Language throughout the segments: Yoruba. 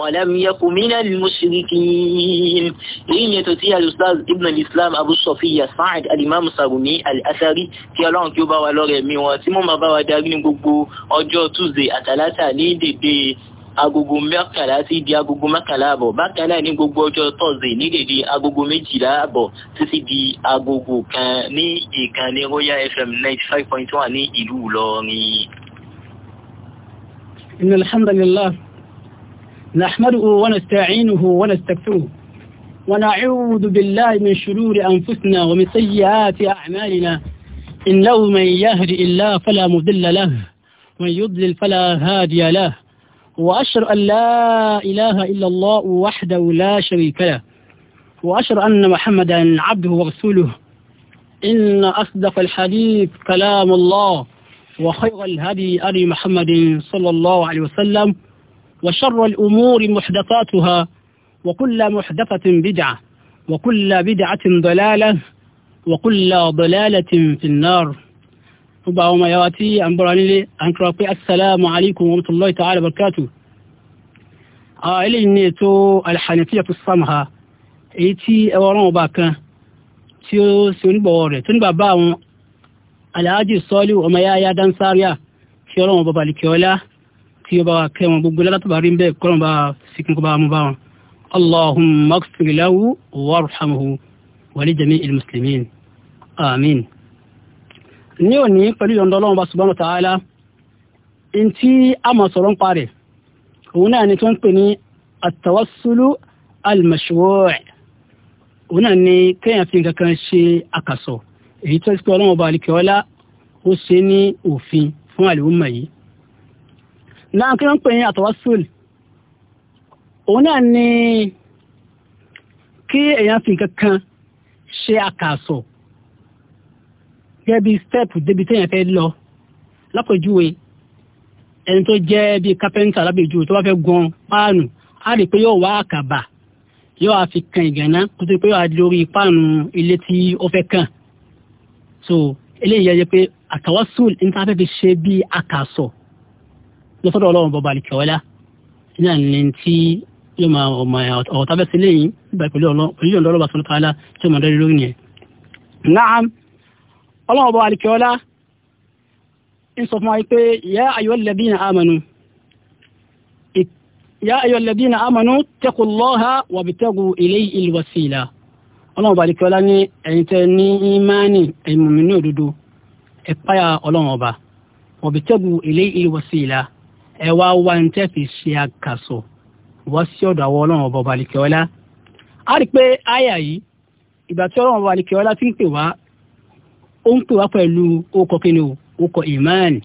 ولم يكن من المشركين إن يتتيها الأستاذ ابن الإسلام أبو الصفية سعد الإمام الصابوني الأثري في الله كيوبا ولوري ميوا تيمو ما باوا دارين gbogbo ọjọ́ Tuesday àtàlátà ní dèdè agogo mẹ́kànlá sí di agogo mẹ́kànlá àbọ̀ bákan náà ní gbogbo ọjọ́ Thursday ní dèdè agogo méjìlá àbọ̀ títí di agogo kan ní ìkànnì Royal FM ninety five point one ní ìlú Ìlọrin. Innal hamdalillah نحمده ونستعينه ونستغفره ونعوذ بالله من شرور أنفسنا ومن سيئات أعمالنا إنه من يهد الله فلا مضل له ومن يضلل فلا هادي له وأشهد أن لا إله إلا الله وحده لا شريك له وأشهد أن محمدا عبده ورسوله إن أصدق الحديث كلام الله وخير الهدي أبي محمد صلى الله عليه وسلم وشر الأمور محدثاتها وكل محدثة بدعة وكل بدعة ضلالة وكل ضلالة في النار طبعا وما يواتي عن برانيلي عن كرابي السلام عليكم ورحمة الله تعالى وبركاته آلي نيتو الحنفية الصمها ايتي اوران باكا تيو سون بوري تون باباون الاجي الصالي وما يا يا دان ساريا كيولا مبابا لكيولا kí ọba wa kẹ́ wọn gbogbo lọ́la tó bá rí bẹ́ẹ̀ kọ́ wọn bá sikin kó bá mú bá wọn. allahumma ighfir lahu warhamhu wa li jami'il muslimin amin. ní òní pẹ̀lú yọ̀ǹda ọlọ́run bá subhanahu wa ta'ala in tí a mọ̀ sọ̀rọ̀ ń parẹ̀ ni tó ń pè ní àtàwásúlù almashru' òun ni kéèyàn fi nǹkan ṣe àkàsọ̀ èyí tó ń pè ọlọ́run ọba àlìkẹ́ ó ṣe ní òfin fún àlùmọ̀ yìí náà kí wọ́n pè ní àtọwásùl òun náà ni kí èèyàn fi nǹkan kan ṣe àkàsọ gẹ́gẹ́ bí step débi téèyàn fẹ́ lọ lápèjúwe ẹni tó jẹ́ bíi kápẹ́ńtà lápèjúwe tó bá fẹ́ gun páànù á rí i pé yóò wá àkàbà yóò á fi kan ìgànná kó tó pé yóò á lórí páànù ilé tí ó fẹ́ kàn so eléyìí yẹ pé àtàwásùl ní ká fẹ́ fi ṣe bíi àkàsọ lọ́sọ̀dọ̀ ọlọ́run bọba àlìkẹ́ ọ̀la náà ní tí yóò máa ọmọ ọ̀tá bẹ́ẹ̀ sílẹ̀ yìí nígbà pẹ̀lú ìyọ̀ǹda ọlọ́ba sọ̀rọ̀ tààlà tí ó máa dẹ́rẹ́ lórí yẹn. naam ọlọ́run bọba àlìkẹ́ ọ̀la ń sọ fún wa pé ya ayyuhal ladina amanu ya ayyuhal ladina amanu taqullaha wabtagu ilayhi al-wasila ọlọ́run ọba àlekẹ́ ọlá ní ẹ̀yin tẹ́ ní ìmánì ẹ̀yin mùmínú òdodo ẹ̀páyà ọlọ́run ọba wabtagu ilayhi ẹ wá wá ní tẹ́ fi ṣe àkàsọ wá sí ọ̀dọ̀ àwọn ọlọ́run ọba ọba àlìkẹ́ọ́lá a rí i pé àyà yìí ìgbà tí ọlọ́run ọba àlìkẹ́ọ́lá ti ń pè wá ó ń pè wá pẹ̀lú okọ̀ kíni o okọ̀ ìmáàni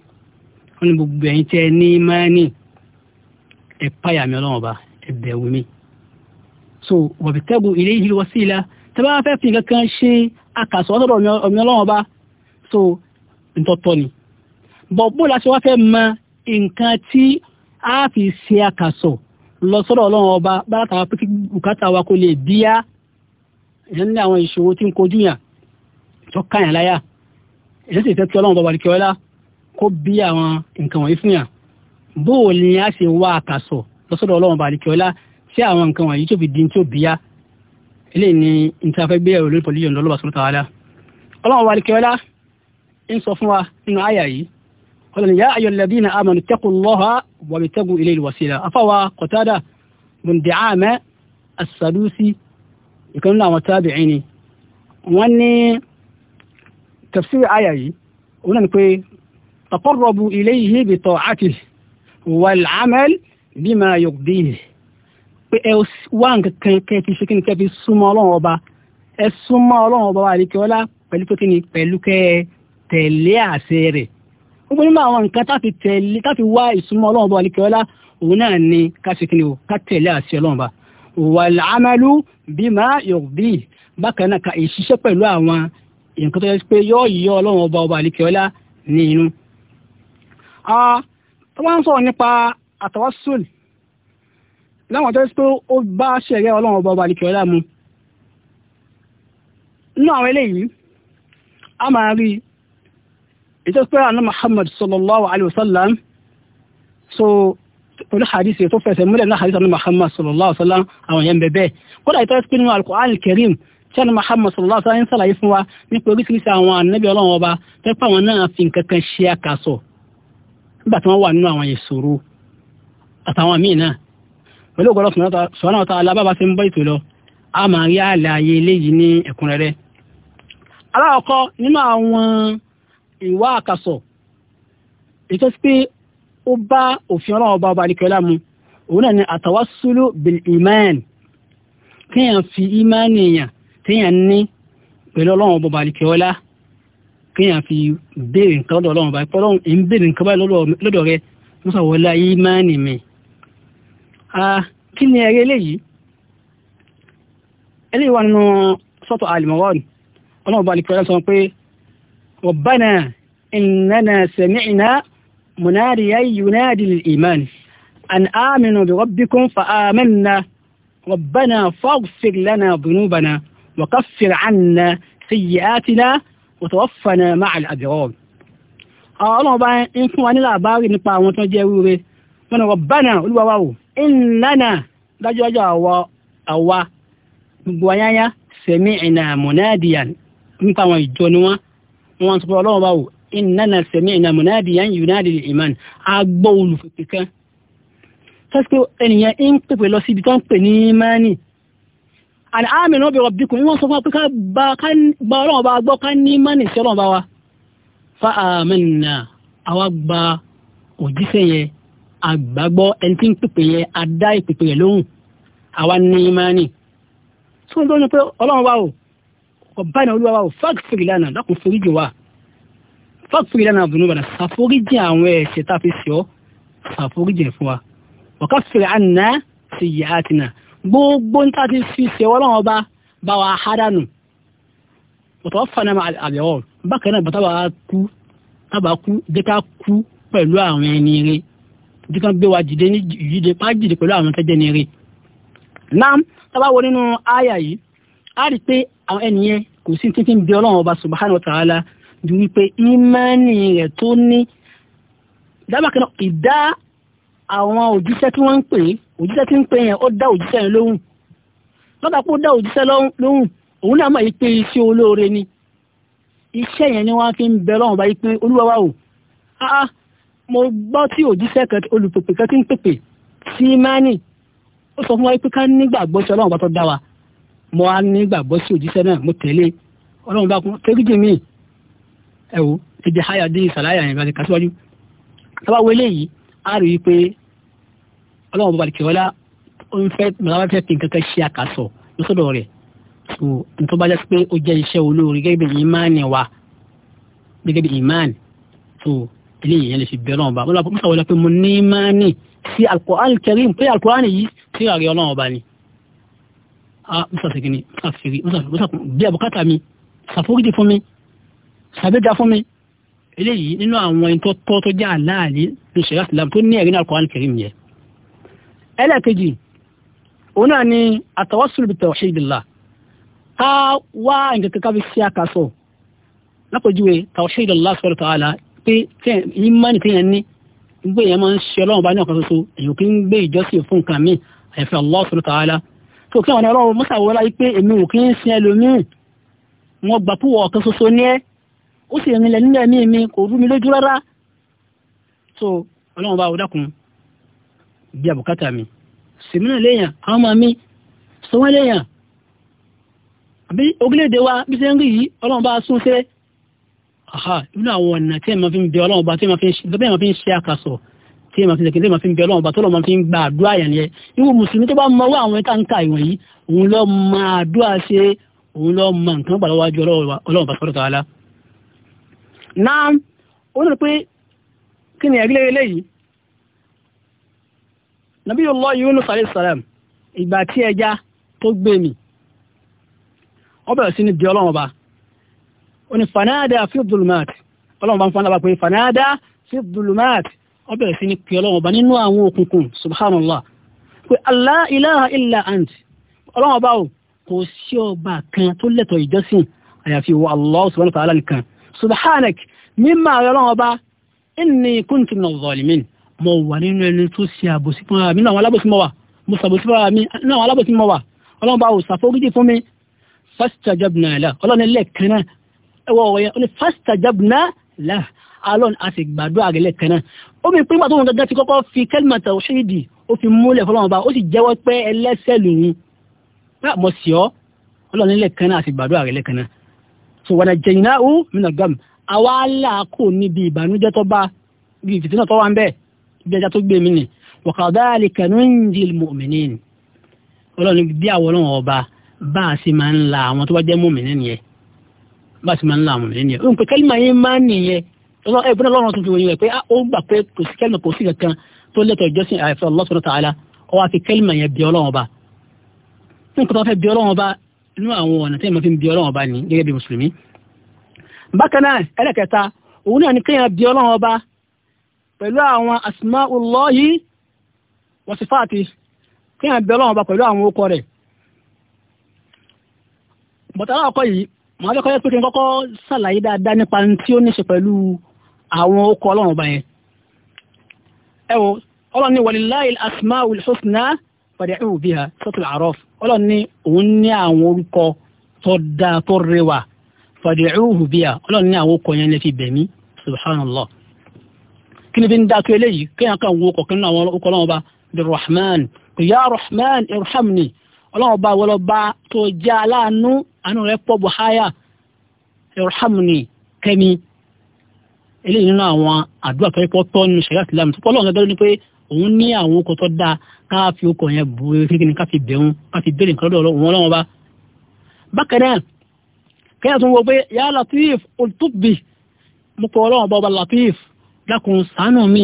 wọn ni gbogbo ẹ̀yin tẹ́ ní ìmáàni ẹ páyà mi ọlọ́run ọba ẹ bẹ̀wò mi so wọ̀bìtẹ́gùn ilé ìhìlì wasila tẹ́ bá fẹ́ fi nǹkan kan ṣe àkàsọ̀ ọlọ́run ọba so ntọ́tọ́ ni bọ̀ bó la ṣe wá fẹ́ máa nǹkan tí a fi ṣe àkàsọ̀ lọ sọ́dọ̀ ọlọ́run ọba bára tàwa pé kí bùkátà wa kò lè bíyá èèyàn ní àwọn ìṣòro tí ń kojú yàn tó káyàn láyà èèyàn sì fẹ́ kí ọlọ́run bàbá kí ọlá kó bí àwọn nǹkan wọ̀nyí fún yàn bóò ni a ṣe wá àkàsọ̀ lọ sọ́dọ̀ ọlọ́run bàbá kí ọlá tí àwọn nǹkan wọ̀nyí tó fi di tí ó bíyá eléyìí ni ìtafẹ́gbé ẹ̀rọ lórí pọ̀lú yọ̀ǹdọ́ lọ́ba sọ́dọ̀ tàwa ọlọ́run bàbá kí ọlá ń sọ fún wa nínú àyà yìí قال يا أيها الذين آمنوا اتقوا الله وابتغوا إليه الوسيلة أفوى قتادة بن دعامة السدوسي يكون لهم تابعيني وأني تفسير آية ونقول تقربوا إليه بطاعته والعمل بما يقضيه wá nǹkan kan kẹ́ fi ṣe kí ni kẹ́ fi súnmọ́ ọlọ́run ọba ẹ súnmọ́ ọlọ́run ọba wa àríkẹ́ ọlá pẹ̀lú pé kí ni pẹ̀lú kẹ́ tẹ̀lé àṣẹ rẹ̀ gbogbo nínú àwọn nǹkan táfi tẹ̀lé táfi wá ìsúnmọ́ ọlọ́run bá alikẹ́ ọlá òun náà ni ká o ká tẹ̀lé àṣẹ ọlọ́run bá wal amalu bima yurdi bákan náà ka ìṣiṣẹ́ pẹ̀lú àwọn nǹkan tó yẹ pé yóò yọ ọlọ́run ọba ọba alikẹ́ ọlá ní inú. tó bá ń sọ̀rọ̀ nípa àtawassul láwọn tó yẹ pé ó bá ṣẹ̀rẹ́ ọlọ́run ọba ọba ọlá mu. nínú àwọn eléyìí a ìjọ pé àná muhammad sallallahu alayhi wa sallam so pẹ̀lú hadith tó fẹsẹ̀ múlẹ̀ náà hadith àná muhammad sallallahu alayhi wa sallam àwọn yẹn bẹ̀bẹ̀ kódà ìtọ́ pé nínú al-Qur'an al-Karim tí àná muhammad sallallahu alayhi wa sallam ń sàlàyé fún wa nípa oríṣiríṣi àwọn ànábì ọlọ́run ọba tó pé àwọn náà fi nǹkan kan ṣe àkàsọ nígbà tí wọ́n wà nínú àwọn ìṣòro àtàwọn míì náà pẹ̀lú ògbọ́dọ̀ sọ̀rọ̀ náà ta alábàbà ti ń bọ́ ètò lọ a máa rí àlàyé eléyìí ní ẹ̀kúnrẹ́rẹ́ alákọ̀ọ́ nínú àwọn ìwà àkàsọ̀ ètò pé ó bá òfin ọlọ́run ọba ọba àdìkẹ́lá mu òun náà ni àtàwásúlù bil iman kéèyàn fi ìmánì èèyàn téèyàn ní pẹ̀lú ọlọ́run ọba àdìkẹ́ọ́lá kéèyàn fi béèrè nǹkan lọ́dọ̀ ọlọ́run ọba ìpọ́lọ́run èyí ń béèrè nǹkan báyìí lọ́dọ̀ rẹ musa wọlé ìmánì mi. kí ni ẹ̀rí eléyìí eléyìí wà nínú sọ́tọ̀ àlìmọ́wọ́ọ̀nù ọlọ́run ọba sọ pé ربنا إننا سمعنا مناديا ينادي للإيمان أن آمنوا بربكم فآمنا ربنا فاغفر لنا ذنوبنا وكفر عنا سيئاتنا وتوفنا مع الأبرار ọlọ́run bá ń fún wa ní làbárì nípa àwọn tó jẹ́ rúre wọn ni rọ̀bánà olúwawa o ìlànà dájúdájú àwa gbogbo ayáyá sẹ̀mí ìnà mọ̀nádìyàn nípa àwọn ìjọ ni wọ́n wọn sọ pé ọlọ́run bá wò innana sami'na munadiyan yunadi lil iman agbọ́ olùpèpè kan tẹ́síkò ènìyàn ń pèpè lọ síbi tó ń pè ní mání àmì náà bẹ̀rọ̀ bíkùn wọ́n sọ pé ká gba ọlọ́run bá gbọ́ ká ní mání fa amanna àwa gba òjíṣẹ́ yẹn àgbàgbọ́ ẹni tí ń pèpè yẹn adá ìpèpè yẹn lóhùn àwa ní ọ̀bánà olúwa o fáàkìfìrì lánàá dákun foríjì wa fáàkìfìrì lánàá àbùnú bàdà ṣàforíjì àwọn ẹ̀ṣẹ̀ tá a fi ṣọ́ ṣàforíjì ẹ̀ fún wa ọ̀ká fìrì àná sí yìí àtìnà gbogbo ń tàbí fi ṣe wọ́n lọ́wọ́ bá bá wa há dànù ọ̀tọ̀ fana àbẹ̀wọ̀ bákan náà bàtà bá kú tábà kú dẹ́ka kú pẹ̀lú àwọn ẹni rẹ̀ dẹ́ka gbé wa jìde ní jìde pàjìde pẹ̀lú àwọn tẹ́jẹ́ ni rẹ̀ náà tábà wọ nínú àyà yìí a rí pé àwọn ẹnìyẹn kò sí títí ń bí ọlọ́run ọba subhanahu wa ta'ala ju wípé ìmánì rẹ̀ tó ní dábàá kan ìdá àwọn òjíṣẹ́ tí wọ́n ń pè òjíṣẹ́ tí ń pè yẹn ó dá òjíṣẹ́ yẹn lóhùn lọ́dà pé dá òjíṣẹ́ lóhùn òun náà mọ̀ yìí pé iṣẹ́ olóore ni iṣẹ́ yẹn ni wọ́n fi ń bẹ lọ́run báyìí pé olúwa wa o ah mo gbọ́ tí òjíṣẹ́ kan olùpèpè kan ti ń pèpè sí ìmánì ó sọ fún wa pé ká nígbàgbọ́ sí ọlọ́run bá tó dá wa mo á ní gbàgbọ́ sí òjíṣẹ́ náà mo tẹ̀lé ọlọ́run bá kún kéríjì mi ẹ wò ibi háyà dín ìsàláyà yẹn gbàdé kásíwájú tábà wo eléyìí á rí i pé ọlọ́run bàbá kìọ́lá ó ń fẹ́ bàbá fẹ́ fi nǹkan ṣe àkàsọ lọ́sọ̀dọ̀ rẹ̀ so nítorí bá jẹ́ pé ó jẹ́ iṣẹ́ olóore gẹ́gẹ́ bí ìmáàni wa gẹ́gẹ́ bí ìmáàni so eléyìí yẹn lè fi bẹ́ẹ̀ ọlọ́run bá mo sàwọlẹ́ pé ní ìmáàni sí al karim pé Al-Qur'an yìí sí àrí a musa segin ni musa firi musa musa biya bukata mi saforidi fún mi sàbẹ̀dá fún mi eléyìí nínú àwọn ẹni tó tọ́ tó jẹ́ àláàlí ní ṣẹ̀rá ìsìlámù tó ní ẹ̀rí náà Al-Qur'an Al-Karim yẹ. ẹlẹ́ẹ̀kejì òun náà ni at-tawassul bi-tawhidillah ká wá nǹkan kankan fi ṣe àkàsọ lápòjúwe tawhidillah subhanahu wa ta'ala pé ní mánì téèyàn ní gbé èèyàn máa ń ṣe ọlọ́run bá ní ọ̀kan ṣoṣo èèyàn kì í gbé ìjọsìn fún nǹkan míì àyàfi Allah subhanahu wa ta'ala tó kí àwọn ọlọ́run mọ́sàwọ́ láyé pé èmi ò kí ń sin ẹlòmíì wọn gbà púpọ̀ ọ̀kan ṣoṣo ní ẹ́ ó sì rìnlẹ̀ nílẹ̀ ní mi kò rú mi lójú rárá so ọlọ́run bá ọdákun bí àbùkátà mi sèmínà léèyàn àwọn ọmọ mi sọ wọ́n léèyàn àbí orílẹ̀-èdè wa bí ṣe ń rí yìí ọlọ́run bá sún fẹ́ aha nínú àwọn ọ̀nà tí ẹ̀ máa fi ń bẹ ọlọ́run bá tí ẹ̀ máa fi ń ṣe àkàsọ̀ tí èèmà fi ń tẹ̀kẹ́ fi ń bẹ̀rẹ̀ ọ̀bà tó lọ́mọ fi ń gba àdúrà yẹn yẹn irú mùsùlùmí tó bá mọ owó àwọn táǹkà ìwọ̀nyí òun lọ mọ àdúrà ṣe òun lọ mọ nǹkan gbà lọ́wọ́ ọlọ́run pàṣípàrọ̀ tààlà. náà ó lè pé kí ni ẹ̀rí eléyìí Nabiyullah Yunus alayhi salam ìgbà tí ẹja tó gbé mi ó bẹ̀rẹ̀ sí ní bí ọlọ́run ọba ó ní fanada fi dhulumat ọlọ́run bá ń fọ́n pé fanada fi dhulumat ó bẹ̀rẹ̀ sí ní pè ọlọ́run ọba nínú àwọn òkùnkùn subhanallah pé allah ilaha illa ant ọlọ́run ọba o kò sí ọba kan tó lẹ́tọ̀ọ́ ìjọsìn àyàfi wọ allah subhanahu wa ta'ala nìkan subhanak mímọ àwọn ọlọ́run ọba inni kuntu min zalimin mo wà nínú ẹni tó ṣe àbòsí fún ara mi nínú àwọn alábòsí mọ alọ́n a sì gbàdúrà rẹ̀ lẹ́ẹ̀kan náà ó mi pín pàtó wọn gẹ́gẹ́ ti kọ́kọ́ fi kẹ́lìmọ̀ tàwhídì ó fi múlẹ̀ fọlọ́wọn bá ó sì jẹ́wọ́ pé ẹlẹ́sẹ̀ lòun mọ̀ sí ọ́ ọlọ́run nílẹ̀ kan náà a sì gbàdúrà rẹ̀ lẹ́ẹ̀kan náà so wọn jẹ̀yìn náà ó mìíràn gàm àwa làákò níbi ìbànújẹ́ tó bá bí ìfìtínà tó wà ń bẹ́ẹ̀ bí ẹja tó gbé mi nì wa kadhalika nunjil mu'minin ọlọ́run bí àwọn ọlọ́run ọba bá a sì máa ń la àwọn tó bá jẹ́ mọ̀mìnì nìyẹn bá a sì máa ń la àwọn mọ̀mìnì nìyẹn òun pé kẹ́lí máa ń máa ń nìyẹn ẹ̀bùn ọlọ́run tún fi wòye rẹ̀ pé ah, ó gbà pé kò sí kẹ́lìmọ̀ kò sí kankan tó lẹ́tọ̀ọ́ ìjọsìn àìfẹ́ Allah subhanahu wa ta'ala ó wá fi kẹ́lìmọ̀ yẹn bí ọlọ́run ọba nǹkan tó fẹ́ bí ọlọ́run ọba inú àwọn ọ̀nà tí èèyàn fi ń bí ọlọ́run ọba ní gẹ́gẹ́ bí mùsùlùmí. bákan náà ẹlẹ́kẹta òun náà ni kéèyàn bí ọlọ́run ọba pẹ̀lú àwọn asma'ullahi wa sifati kéèyàn bí ọlọ́run ọba pẹ̀lú àwọn orúkọ rẹ̀ bọ̀tà aláwọ̀ kọ́ yìí màá fẹ́ kọ́ yẹ pé kí n kọ́kọ́ ṣàlàyé dáadáa nípa tí ó ní àwọn okọ̀ ọlọ́run ọba yẹn ẹ wo ọlọ́run ní walillahi al-asmaul husna fad'uhu biha suratul a'raf ọlọ́run ní òun ní àwọn orúkọ tó dáa tó rẹwà fad'uhu biha ọlọ́run ní àwọn okọ̀ yẹn lè fi bẹ̀mí subhanallah kí ni bí ń dákẹ́ eléyìí kéèyàn kan wo kọ̀ọ̀kan náà àwọn okọ̀ ọlọ́run ọba birrahman ya rahman irhamni ọlọ́run ọba wọlọ́ba tó jẹ́ aláàánú àánú rẹ̀ pọ̀ buhaya irhamni kẹ́mi eléyìí nínú àwọn àdúrà tó yẹ kó tọ́ nínú sẹ́yà ìsìlámù tó kọ́lọ́ ọ̀gá ní pé òun ní àwọn okò tó dáa ká fi okò yẹn bu kékeré ká fi bẹ̀rù ká fi bẹ̀rẹ̀ nǹkan lọ́dọ̀ wọn lọ́wọ́ bá. bákan náà kẹ́yà tó ń wọ pé yà Latif olùtúbì mo kọ́ ọlọ́wọ́n bá ọba Latif dákun ṣàánú mi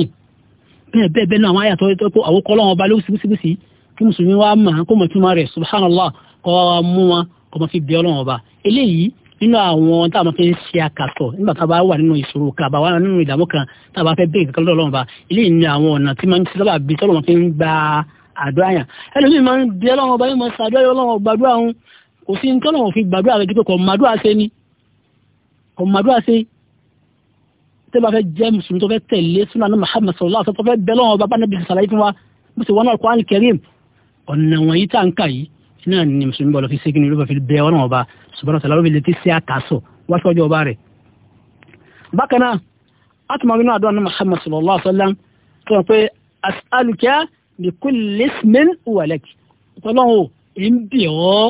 bẹ́ẹ̀ bẹ́ẹ̀ bẹ́ẹ̀ náà àwọn àyà tó yẹ kó àwọn kọ́ ọlọ́wọ́n bá ló síbísíbísí kí mùsùlùmí wa mọ̀ kó mọ̀ túmọ̀ subhanallah kọ́ wa mú wọn kọ́ mọ̀ fi nínú àwọn tá a máa fi ń ṣe àkàtọ̀ nígbà tá a bá wà nínú ìṣòro kan àbá wà nínú ìdààmú kan tá a bá fẹ́ bẹ́ẹ̀ kankan lọ́dọ̀ Ọlọ́run ba eléyìí ni àwọn ọ̀nà tí máa ń sábà bí tọ́lọ́ máa fi ń gba àdúrà yàn ẹlòmíì máa ń bí Ọlọ́run ọba yóò máa ṣàdúrà yóò Ọlọ́run gbàdúrà òun kò sí tọ́lọ́ òun fi gbàdúrà rẹ dípò kò màdúrà ṣe ni kò màdúrà ṣe tẹ́ bá fẹ́ jẹ́ mùsùlùmí tó fẹ́ tẹ̀lé ni mùsùlùmí bọ̀ lọ fi ṣe kí subhanahu wa ta'ala ló fi létí sí àkàsọ̀ wá sọ́jọ́ ọba rẹ̀. bákan náà atuma nínú àdúrà ní muhammad sallam tó wà pé as'aluka bi kulli ismin huwa lak ọlọ́run ò ń bì ọ́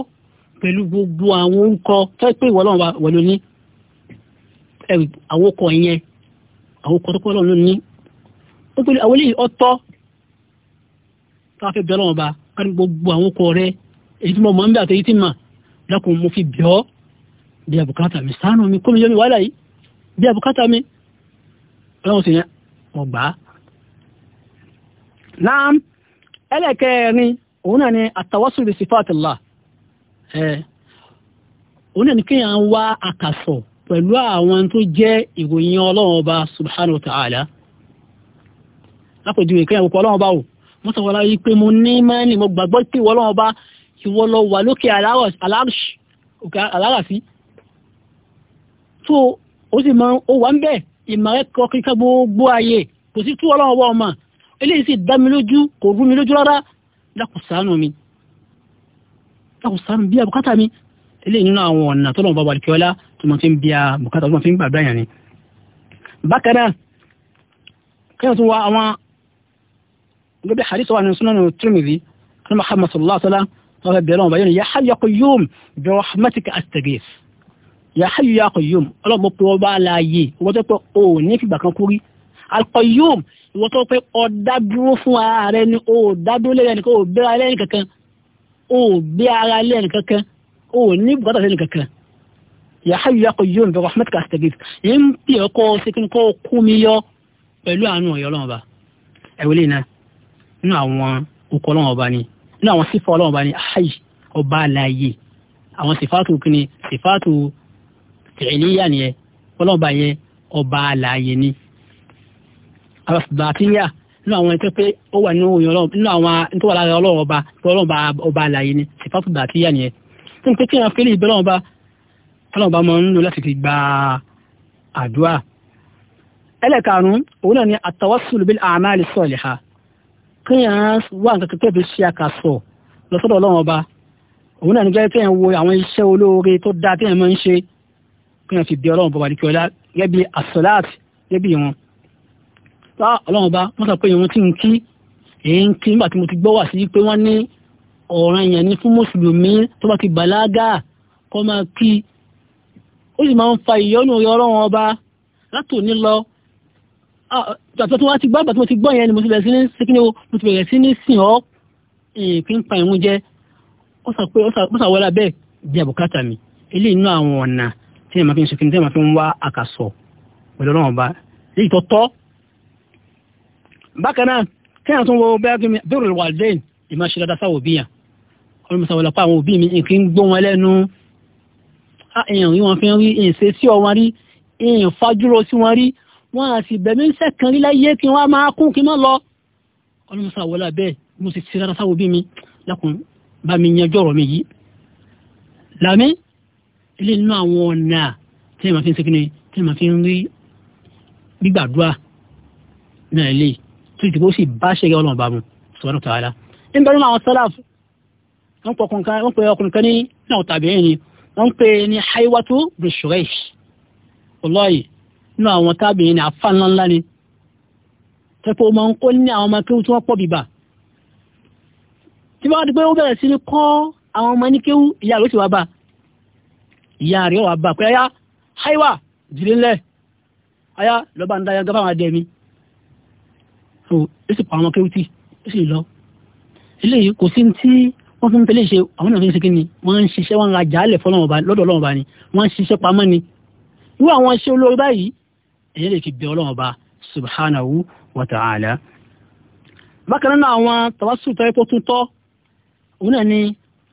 pẹ̀lú gbogbo àwọn orúkọ tó pé ìwọ ọlọ́run wà lóní àwọn ọkọ̀ yẹn àwọn ọkọ̀ tó pọ̀ lọ́run lóní ó pẹ̀lú dákun mo fi bẹ̀ bí abùkátà mi ṣàánú mi kó mi yọ mi wàhálà yìí bí abùkátà mi ọlọ́run sì yẹn mo gbà á. naam ẹlẹ́kẹ̀ẹ́rin òun náà ni àtàwọ́sùn bí sifatillah òun náà ni kéèyàn wá àkàsọ̀ pẹ̀lú àwọn tó jẹ́ ìròyìn ọlọ́run ọba subhanahu wa ta'ala lápòjúwe kéèyàn wò pọ̀ ọlọ́run ọba o mo sọ wọlá yìí pé mo ní mẹ́rin mo gbàgbọ́ pé ìwọ ọlọ́run ọba ìwọ lọ wà lókè aláràsí tó ó sì máa ó wà ń bẹ̀ ìmọ̀ rẹ̀ kọ́ kíkà gbogbo ayé kò sí tú ọlọ́run ọwọ́ ọmọ eléyìí sì dá mi lójú kò rú mi lójú rárá lákùsánù mi lákùsánù bí abùkátà mi eléyìí nínú àwọn ọ̀nà tó lọ́wọ́ bàbá àdìkẹ́ọ́lá tó máa fi ń bí abùkátà tó máa fi ń gbàgbá yàn ni. bákan náà kíyàn tó wa àwọn gẹ́gẹ́ hadith wa nínú sunan Tirmidhi ní Muhammad sallallahu alaihi wa sallam wọ́n fẹ́ bẹ̀rẹ̀ wọn báyìí ya hayyu ya qayyum bi rahmatika astaghith ya hayyu ya kuyum ọlọ́mọ pé wọ́n bá láàyè wọ́n tó pé o ní fìgbà kan kú rí al-qayyum ìwọ́n tó pé ọ̀dá dúró fún ara ẹni o dádúró lẹ́yìn ẹnìkan o bẹ́ ara lẹ́yìn kankan o bẹ́ ara lẹ́yìn kankan o ní bùkátà lẹ́yìn kankan ya hayyu ya qayyum bi rahmatika astaghith yìí ń pè ọ́ kọ́ síkín kọ́ kú mi yọ pẹ̀lú àánú ọ̀yọ́ ọlọ́mọba ẹ̀wẹ́lẹ́ náà nínú ní àwọn sífà ọlọ́run bá ní ayé ọba àlàyé àwọn sífàtù kìíní sífàtù tìrìlíyà nìyẹn ọlọ́run bá yẹn ọba àlàyé ni àwọn sífàtìyà nínú àwọn ẹtẹ pé ó wà nínú òyìn ọlọ́run nínú àwọn tó wà lára ọlọ́run ọba ọlọ́run bá ọba àlàyé ni sífàtù dàtìyà nìyẹn tó ń pé kí wọn fẹ́lẹ̀ ìbẹ́lọ́run bá ọlọ́run bá máa ń láti fi gba àdúrà ẹlẹ́karùn-ún òun náà ni kéèyàn wá nǹkan kékeré fi ṣe àkàsọ̀ lọ́sọ̀dọ̀ ọlọ́run ọba òun náà ní gẹ́gẹ́ kéèyàn wo àwọn iṣẹ́ olóore tó dáa téèyàn máa ń ṣe kéèyàn fi bí ọlọ́run bọ̀wá nìkẹ́ ọlá gẹ́gẹ́ bí àsọ̀láàtì gẹ́gẹ́ bí wọn. bá ọlọ́run ọba wọ́n sọ pé ìrun tí ń kí èyí ń kí nígbà tí mo ti gbọ́ wà sí pé wọ́n ní ọ̀ràn èèyàn ní fún mùsùlùmí tó bá ti bàlágà kọ́ máa kí ó sì máa ń fa ìyọ́nú ọlọ́run ọba látòní lọ tàtọ́ tí wọ́n ti gbàgbà tí mo ti gbọ́ yẹn ni mo ti bẹ̀rẹ̀ sí ní síkíní o mo ti bẹ̀rẹ̀ sí ní sìn ọ́ kí n pa ìrún jẹ́ ó sọ pé ó sọ wọlé abẹ́ di àbùkátà mi eléyìí inú àwọn ọ̀nà tí èèyàn máa fi ń sọkí ní tí èèyàn máa fi ń wá àkàsọ̀ pẹ̀lú ọlọ́run ọba èyí tó tọ́ bákan náà kẹ́yìn tó ń wo bẹ́ẹ̀rù wàlẹ́yìn ìmọ̀ ṣe dáadáa sáwọ́ òbí yàn olùmọ̀sàwọ̀lá pa àwọn òbí mi nǹkan ń gbọ́ wọn lẹ́nu èèyàn rí wọn fi ń rí èèyàn wọn à sì bẹ̀mí ń sẹ́kàn rí láyé kí wọ́n á máa kún kí wọ́n lọ ọlọ́mọsá wọlé abẹ́ mo sì ti rárá sáwọ́ bí mi lákùn bá mi yanjú ọ̀rọ̀ mi yìí làmí ilé nínú àwọn ọ̀nà tí ẹ̀ máa fi ń sẹ́kìnnì tí ẹ̀ máa fi ń rí gbígbàdúrà náà ilé tó ìdìbò sì bá ṣẹ́gẹ́ ọlọ́run bá mu sọ̀rọ̀ tó ara ń bẹ̀rù àwọn sálàf wọ́n pọ̀ ọkùnrin kan ní náà tàbí ẹ̀yìn wọ́n pè ní haiwatu bishresh wallahi nínú àwọn tábìyìn ní àfa ńláńlá ni tẹ́pọ̀ ọmọ ń kó ní àwọn ọmọ kéwú tí wọ́n pọ̀ bìbà tí wọ́n ti pé ó bẹ̀rẹ̀ sí ní kọ́ àwọn ọmọ ní kéwú ìyá rẹ̀ ó sì wá bá ìyá rẹ̀ ó wá bá pé ayá háíwá jìlé ńlẹ̀ ayá lọ́ba ń dáyà gáfà wọn mi so ó sì pa àwọn ọmọ kéwú tì ó sì lọ eléyìí kò sí ti wọ́n fi ń tẹ́lẹ̀ ṣe àwọn náà fi ń ṣe kí ni wọ́n ń ṣiṣẹ́ wọn ń ra jàálẹ̀ fọlọ́wọ́n ọba lọ́dọ̀ ọlọ́wọ́n ọba ni wọ́n ń ṣiṣẹ́ pamọ́ ni irú àwọn iṣẹ́ olórí báyìí èyàn lè fi bẹ ọlọ́run ọba subhanahu wa ta'ala. bákan náà àwọn tawassul tó yẹ kó tún tọ́ òun náà ni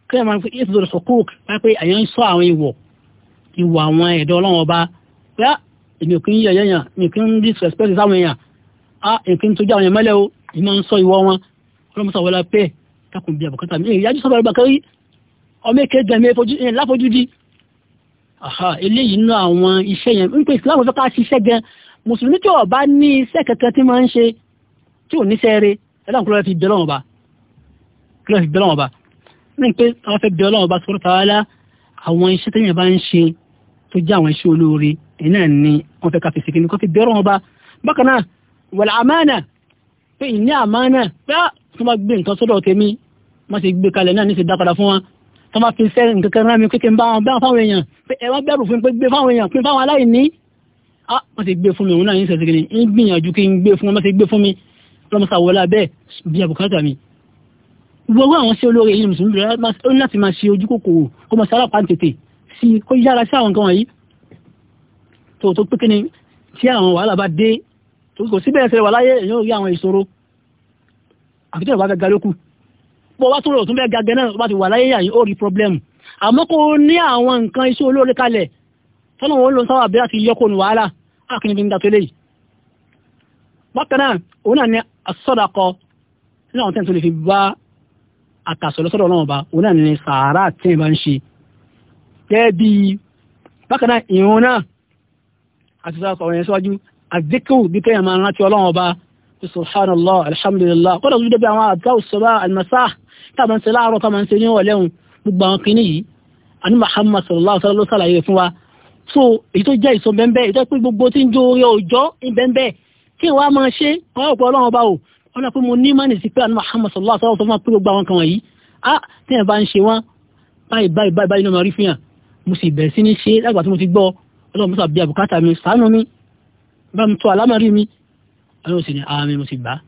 kéèyàn máa ń fi ìfúdò huquq wáyé pé àyàn ń sọ àwọn ìwọ̀ ìwọ̀ àwọn ẹ̀dọ́ ọlọ́run ọba pé á èmi ò kí ń yẹ yẹ̀yàn mi ò kí ń disrespect sáwọn èèyàn á èmi kí ń tójú àwọn èèyàn mẹ́lẹ̀ o èmi ń sọ ìwọ wọn ọlọ́run sọ wọlé pé kákùn bí àbùkátà mi èyí aha eléyìí nú àwọn iṣẹ́ yẹn ń pè islam fẹ́ ká ṣiṣẹ́ gan mùsùlùmí tí ó bá ní iṣẹ́ kankan tí máa ń ṣe tí ò níṣẹ́ rẹ ẹ̀dá kúrò fi bẹ́lọ̀ ọba kúrò fi bẹ́lọ̀ ọba ní pé àwọn fẹ́ bẹ́lọ̀ ọba sọ̀rọ̀ tààlà àwọn iṣẹ́ tẹ́yìn bá ń ṣe tó jẹ́ àwọn iṣẹ́ olóore ẹ̀ náà ni wọ́n fẹ́ ká fi ṣèkínní kó fi bẹ́lọ̀ ọba bákan náà wal amana pé ìní àmánà pé tó bá gbé nǹkan sọ́dọ̀ tèmi má ṣe gbé dá padà fún tó bá fi iṣẹ́ nǹkankan rán mi kékeré bá wọn bá wọn fáwọn èèyàn pé ẹ wá bẹ̀rù fún pé gbé fáwọn èèyàn pé fáwọn aláìní ah wọ́n ti gbé fún mi òun náà yín sẹ̀sẹ̀ kìíní ń gbìyànjú kí n gbé fún wọn bá ti gbé fún mi lọ́mọsàwọlá bẹ́ẹ̀ bí àbùkátà mi gbogbo àwọn sí olóore yìí mùsùlùmí rẹ ó ní láti máa ṣe ojú kòkòrò kó máa sára pa tètè sí kó yára sí àwọn nǹkan wọ̀nyí tó tó pékin ni tí àwọn wàhálà bá dé tó kò síbẹ̀ ẹsẹ̀ wà láyé èèyàn ò rí àwọn pọ̀ wá tó rọ̀ tún bẹ́ẹ̀ gàgẹ́ náà wá ti wà láyé yàyí ó rí problem àmọ́ kó ní àwọn nǹkan iṣẹ́ olóore kalẹ̀ tọ́nà wọn ló ń sáwà bí láti yọkọ̀ ní wàhálà àkìní fi ń dàtọ́ lẹ́yìn bákan náà òun náà ní asọ́dàkọ ní àwọn tẹ́ǹtì lè fi bá àtàsọ̀ lọ́sọ̀dọ̀ náà bá òun náà ní sàárà tí ìbá ń ṣe gẹ́gẹ́ bí bákan náà ìrún náà àti sọ́dàkọ ọ̀rẹ́ síwájú àdékù bí kẹ́yàn máa rántí ọlọ́run ọba subhanallah alhamdulillah kọ́dà tó dé bí àwọn àgbà òṣèlú àlùmọ́sá tábà ń ṣe láàárọ̀ tábà ń ṣe ní ọ̀lẹ́hùn gbogbo àwọn kìíní yìí àní Muhammad sallallahu alaihi wa sallam fún wa so èyí tó jẹ́ ìsọ bẹ́ẹ̀ èyí tó pé gbogbo tí ń jó orí òjọ́ ìbẹ́ẹ̀ kí wàá máa ṣe ọ̀rọ̀ ọ̀pọ̀ ọlọ́run ọba o wọn lọ pé mo ní mánì sí pé àní Muhammad sallallahu alaihi wa sallam pé gbogbo àwọn kan wọ̀nyí á tí ẹ̀ bá ọlọ́run sì ni àmì mo sì gbà á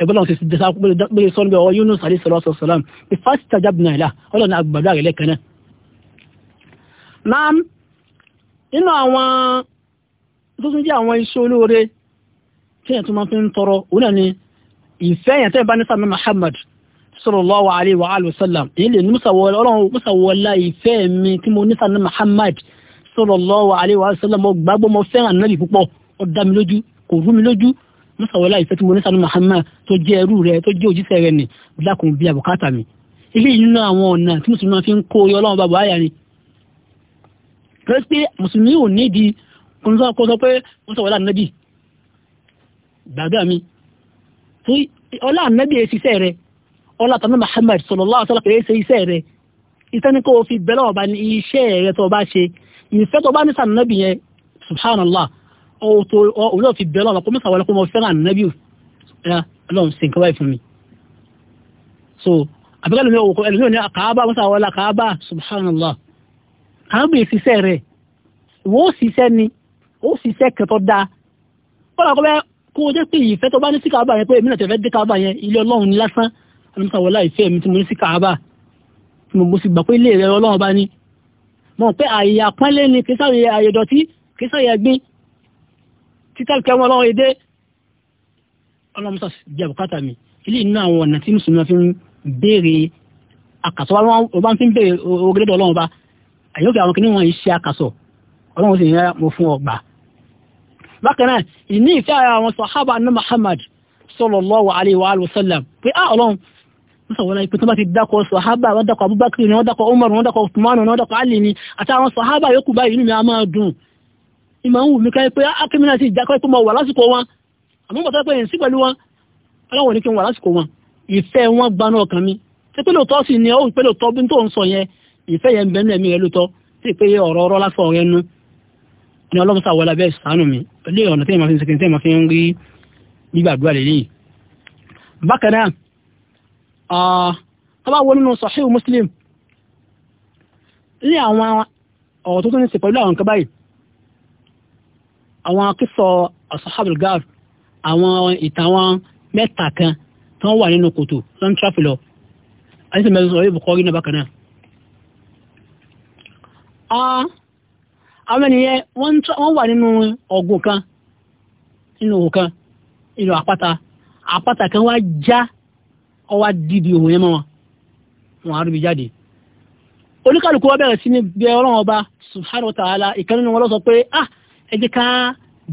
ẹgbẹ́ náà ti dẹ́sà pé sọ́nù bẹ́ẹ̀ ọ Yunus alayhi salatu wassalam fastajabna lahu ọlọ́run àgbàdo àrẹ̀lẹ̀ kan náà. máa nínú àwọn tó tún jẹ́ àwọn iṣẹ́ olóore tí èèyàn tó máa fi ń tọrọ òun náà ni ìfẹ́ èèyàn tẹ́ bá ní sàmì Muhammad sallallahu alayhi wa sallam èyí lè ní musawọ́lá ìfẹ́ mi tí mo ní sàmì Muhammad sallallahu alayhi wa sallam mo mo fẹ́ràn náà kò rú mi lójú mọ́sàwọ́lá ìfẹ́ tí mo ní sanu Muhammad tó jẹ́ ẹrú rẹ tó jẹ́ òjíṣẹ́ rẹ nì lákùn bí àbùkátà mi eléyìí nínú àwọn ọ̀nà tí mùsùlùmí fi ń kó oyè ọlọ́run bàbá àyà ni. pé pé mùsùlùmí ò ní di kò sọ pé mọ́sàwọ́lá nàbì gbàgbà mi tó ọlá nàbì èsì iṣẹ́ rẹ ọlá tàbí Muhammad sallallahu alaihi wasallam èsì iṣẹ́ rẹ ìtẹ́nikọ́ òfin bẹ́lẹ̀ ọba ní iṣẹ́ ọ̀tọ̀ olóò fi bẹ̀rẹ̀ ọ̀nà kọ́mọ́sà wọlé kó mọ fẹ́ràn ànábì ọlọ́run sì nǹkan báyìí fún mi. so àbíká lómi òkú ẹlòmíràn ní kàábà mọ́sà wọlé kàábà subhanallah kàábà ìfisẹ́ rẹ̀ wọ́n ó ṣiṣẹ́ ni ó ṣiṣẹ́ kẹtọ́ dáa kọ́lá kọ́ kó o jẹ́ pé ìfẹ́ tó bá ní sí kàábà yẹn pé èmi tẹ̀fẹ́ dé kàábà yẹn ilé ọlọ́run lásán ọlọ́mọsà wọlé ìfẹ́ mi tí mo ní sí títàlù kí àwọn ọlọ́run èdè ọlọ́mọsá jẹ́ bùkátà mi ilé iná àwọn ọ̀nà tí mùsùlùmí fi ń béèrè àkàsọ wọn bá ń fi ń béèrè ogrédọ̀ ọlọ́run bá àyọkẹ́ àwọn kìnìún wọn yìí ṣe àkàsọ ọlọ́run sì ń yára mo fún ọgbà. bákan náà ìní ìfẹ́ àwọn sàhábà ní Muhammad sallallahu alaihi wa alihi wa sallam pé á ah, ọlọ́run sọ̀wọ́n ìpín tó bá Umar wọ́n dákọ̀ Usman wọ́n dákọ̀ Ali ni àtàwọn sọ̀hábà yòókù ìmọ̀ ń wù mí káyé pé akíníná ah, sí ìjákọ́ pé mo wà lásìkò wọn àmọ́ bàtà pé èyí sí pẹ̀lú wọn aláwọ̀ ní kí n wà lásìkò wọn ìfẹ́ wọn gbaná ọkàn mi ṣé pé lóòótọ́ sì ni ó ń pé lóòótọ́ bí tó ń sọ yẹn ìfẹ́ yẹn bẹ́ẹ̀ mẹ́mí rẹ lóòótọ́ sí pé ọ̀rọ̀ ọ̀rọ̀ lásán ọ̀rẹ́ nu ni ọlọ́run sà wọlé abẹ́ sànù mi ilé ọ̀nà tí màá fi ń sekin tí màá fi ń rí a bá wo nínú Sahih Muslim ní àwọn pẹ̀lú àwọn àwọn akísọ asahabul gaf àwọn ìtàn wọn mẹ́ta kan tó wà nínú kòtò tó ń tráfì lọ àyíṣẹ́ mẹ́rin sọ̀rọ̀ ìbùkọ́ rí náà bákan náà. àwọn ènìyàn wọ́n wà nínú ọ̀gbùn kan nínú òhùn kan nínú àpáta àpáta kan wá já ọwá dìdì òhùn yẹn mọ́ wọn wọn àrùbí jáde oníkàlùkù wọn bẹ̀rẹ̀ sí ní bẹ ọlọ́run ọba subhanahu wa ta'ala ìkànnì wọn lọ sọ pé ah ẹ jẹ́ ká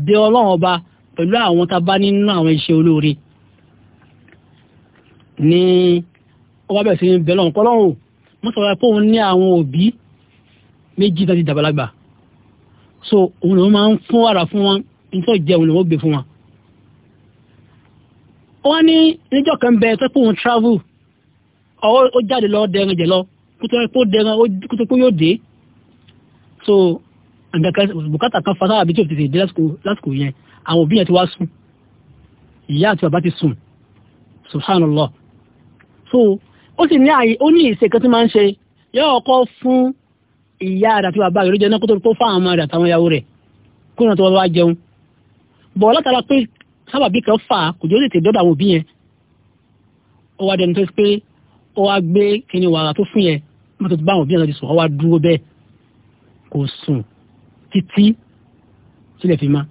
bẹ ọlọ́run ọba pẹ̀lú àwọn tá a bá nínú àwọn iṣẹ́ olóore ní ọba bẹ̀rẹ̀ sí bẹ lọ́run kọ́lọ́run mo sọ̀rọ̀ pé òun ní àwọn òbí méjì láti dàgbàlagbà so òun lòun máa ń fún wàrà fún wọn nítorí jẹ òun lòun gbé fún wọn. wọ́n ní níjọ́ kan bẹ tó pé òun travel ọwọ́ ó jáde lọ dẹrin jẹ lọ kótó pé ó dẹrin kótó pé yóò dé so nǹkan bùkátà kan fa sára bí tí o ti tètè dé lásìkò yẹn àwọn òbí yẹn ti wá sùn ìyá àti bàbá ti sùn subhanallah so ó sì ní àyè ó ní ìṣe kan tí máa ń ṣe yóò kọ́ fún ìyá rẹ̀ àti bàbá rẹ̀ ló jẹ́ náà kó tó fún àwọn ọmọ rẹ̀ àtàwọn ìyàwó rẹ̀ kó náà tó wá jẹun bọ̀ látara pé sábàbí kan fà kò jẹ́ ó tètè dọ́dọ̀ àwọn òbí yẹn ó wá dẹnu tó pé ó wá gbé kíni wàrà tó fún yẹn mọ́tò tó bá àwọn òbí yẹn lọ sùn ó wá dúró bẹ́ẹ̀ kò sùn títí sílẹ̀ fi máa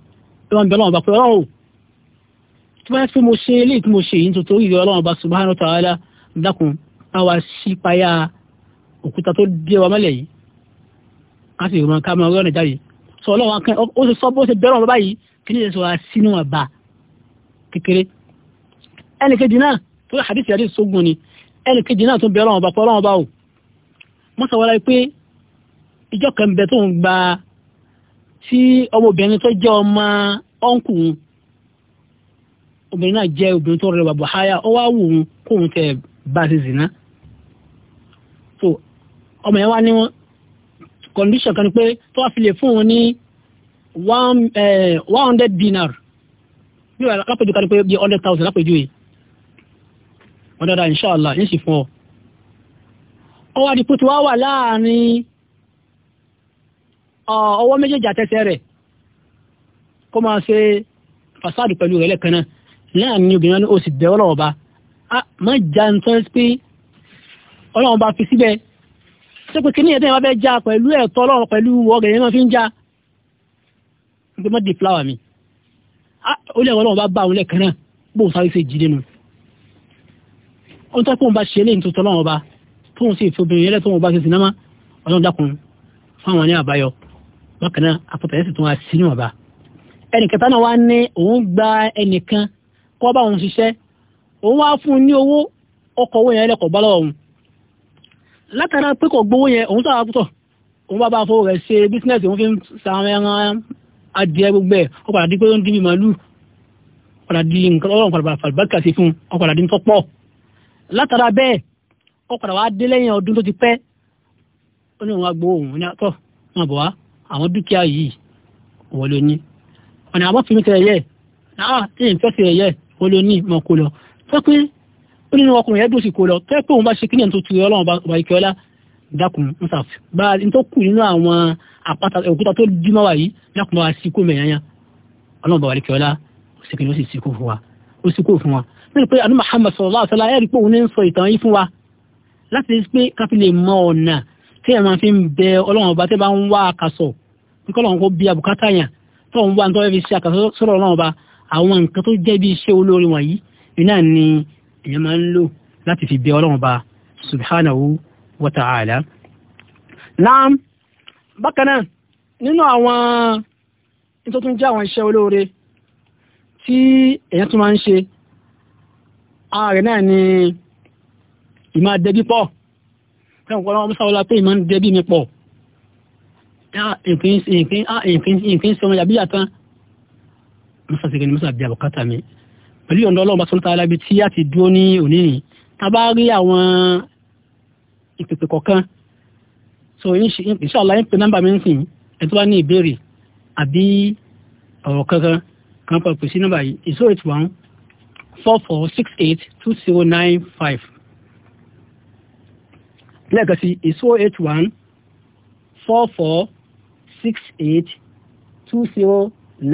tó wà ń bẹ ọlọ́run ọba pé ọlọ́run ò tí wọ́n fẹ́ mo ṣe eléyìí tí mo ṣe yìí nítorí ìrẹ́ ọlọ́run ọba subhanahu wa ta'ala dákun àwa ṣípayá òkúta tó dé wa mọ́lẹ̀ yìí a sì rán ká máa rí ọ̀nà jáde sọ ọlọ́run akẹ́ ó ti sọ bó ṣe bẹ́rọ̀ ọba báyìí kí ní ìṣẹ́ wa sínú àbá kékeré ẹnì kejì náà tó yà hadith yàrá ìṣógun ni ẹnì kejì náà tó bẹ́rọ̀ ọba pọ̀ ọlọ́run ọba ò mọ́sàwọ́lá pé ìjọ kan tí ọmọbìnrin tó jẹ́ ọmọ ọ̀nkù obìnrin náà jẹ́ obìnrin tó rẹwà bọ̀háyà ó wá wù ú kóun tẹ̀ bá ti zìnà so ọmọ yẹn wá ní condition kan ni pé tó wá fi lè fún òun ní eh, one hundred dinar bí wàá lápẹjù kan ni pé bí hundred thousand lápẹjù yìí wọn dáadáa inshallah yín sì fún ọ ọ wá tí wàá wà láàrin. Ah, ọwọ́ méjèèjì àtẹsẹ̀ rẹ̀ kó máa ṣe fasádù pẹ̀lú rẹ̀ lẹ́ẹ̀kan náà láàrin ní obìnrin ó sì bẹ̀ ọlọ́wọ́ bá má já ń tọ́ pé ọlọ́wọ́ bá fi síbẹ̀ ṣé pé kí ní ẹ̀dẹ́ wọn fẹ́ já pẹ̀lú ẹ̀tọ́ ọlọ́wọ́ pẹ̀lú ọ̀gẹ̀ yẹn máa fi ń já gbé má di fúláwà mi ó lé ọlọ́wọ́ bá bá àwọn lẹ́ẹ̀kan náà bó sáré ṣe jí nínú ó ń tọ́ pé òun bá ṣe eléyìí tó tọ́ ọlọ́wọ́ bá tóun sì fi obìnrin yẹn lẹ́tọ́ òun bá ṣe fáwọn ní àbáyọ bákan náà afọ̀tẹ̀yẹ sì tún wá sí níwọ̀nba ẹnìkẹta náà wá ní òun gba ẹnìkan kọ́ bá òun ṣiṣẹ́ òun wá fún un ní owó ọkọ̀ owó yẹn lẹ́kọ̀ọ́ bọ́lọ́ òun látara pé kò gbowó yẹn òun sáà pútọ̀ òun bá bá fowó rẹ̀ ṣe bísínẹ́sì òun fi ń sàwọn ẹran adìẹ gbogbo ẹ̀ ó padà di pé ó ń dìbì màlúù padà di nǹkan ọlọ́run padà fàlùbákà sí fún ọ padà di tọ́pọ̀ látara bẹ́ẹ̀ ó padà wá dé ọdún tó ti pẹ́ ó ní òun agbó òun ní atọ́ máa bọ̀ àwọn dúkìá yìí wọ́n ló ní ọ̀nà àwọn fi mí tẹ̀ yẹ náà ah, tí ah, n fẹ́sẹ̀ yẹ wọ́n ló ní mọ̀ kó lọ tó pé ó nínú ọkùnrin yẹn dùn sí kó lọ tó pé òun bá ṣe kíni tó tu ọlọ́run ọba ìkẹ́ ọlá dákun ń sàf bá a tó kù nínú àwọn àpáta òkúta tó dí mọ́wà yìí dákun bá wa sí kó mẹ̀yányá ọlọ́run ọba ìkẹ́ ó sì kíni ó sì kó fún wa nínú pé àdúmọ̀ Muhammad sallallahu alaihi ẹ̀rí pé òun ní sọ ìtàn yìí fún wa láti pé káfí lè mọ ọ̀nà tí ẹ̀ máa fi ń bẹ ọlọ́run ọba tẹ́ bá ń wá a kà sọ̀rọ̀ kíkọ́lọ̀ ń kó bí abùkátà yàn tó ń wá ń tọ́ fi ṣe àkàsọ́rọ̀ náà ba àwọn nǹkan tó jẹ́ bí iṣẹ́ olórí wọ̀nyí iná ni èèyàn máa ń lò láti fi bẹ ọlọ́run ba subhanahu wa ta'ala. naam bákan náà nínú àwọn nítorí jẹ́ àwọn iṣẹ́ olóore tí èèyàn tún máa ń ṣe ààrẹ náà ni ìmáa dẹbí pọ̀ fẹ́ràn pọ̀ lọ́wọ́ mọ́sáwọ́lá pé ìmáa ń mi pọ̀ ìkín sí ọmọ yàbí yàtán musa sí kẹni musa bí àbùkátà mi pẹ̀lú ọ̀dọ́ ọlọ́run bá tó ń ta alábi tí a ti dúró ní òní ni ta bá rí àwọn ìpèpè kọ̀ọ̀kan so inṣàlá ń pe nọ́mbà mi ń sìn ẹ tó bá ní ìbéèrè àbí ọ̀rọ̀ kankan kan pa pèsè nọ́mbà yìí zero eight one four four six eight two zero nine five lẹ́ẹ̀kan sí zero eight one four four six eight two zero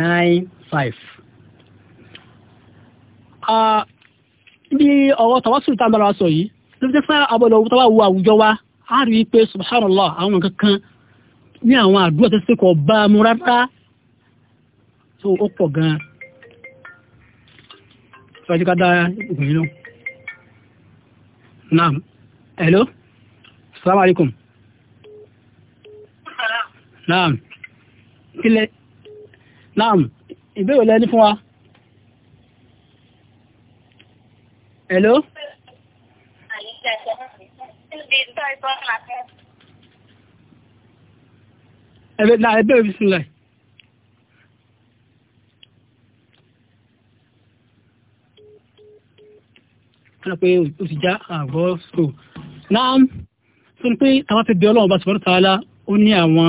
nine five. bí ọ̀rọ̀ tàwásù tá a bára sọ yìí ló fi jẹ́ pé abọ́dọ̀ owó táwa wo àwùjọ wa a rí i pé subhanallah àwọn nǹkan kan ní àwọn àdúrà tó ṣe kọ̀ bá a mú rárá tó ó pọ̀ gan-an. Fẹ́jú Hello. Assalamu naam kílẹ̀ naam ìbéèrè lẹ́ni fún wa hello ẹ̀bẹ̀ náà ẹ̀bẹ̀ bismillah pé ó ti já àgọ́ so náà sọ pé tàwọn ti bẹ ọlọ́run bá sọ̀rọ̀ tààlà ó ní àwọn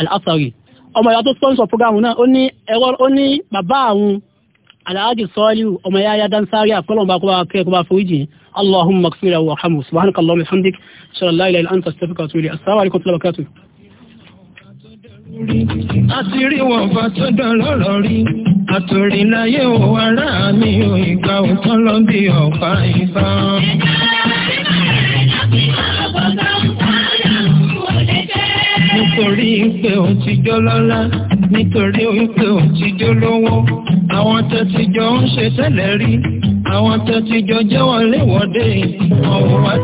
al-asari ọmọ ìyá tó sponsor program náà ó ní ẹ̀rọ ó ní bàbá àwọn alhaji sọ́ọ́lù ọmọ ìyá ya dan sáré àkọlọ́n bá kọ́ba kẹ́ kọ́ba allahumma maksira wa hamu subhanaka allahumma hamdik sallallahu alaihi anta astaghfiruka wa atubu ilayk assalamu àtìrí wọn bá tó dọ̀rọ̀ rí àtòrí láyé ò ará mi ò ìgbà òtán lọ bí ọ̀pá ìbá. nítorí pé ó ti jó lọ́lá nítorí pé ó ti jó lówó àwọn tó ti jọ ń ṣe tẹ́lẹ̀ rí àwọn tó ti jọ jẹ́wọ́ léwọ́dé ọ̀wọ́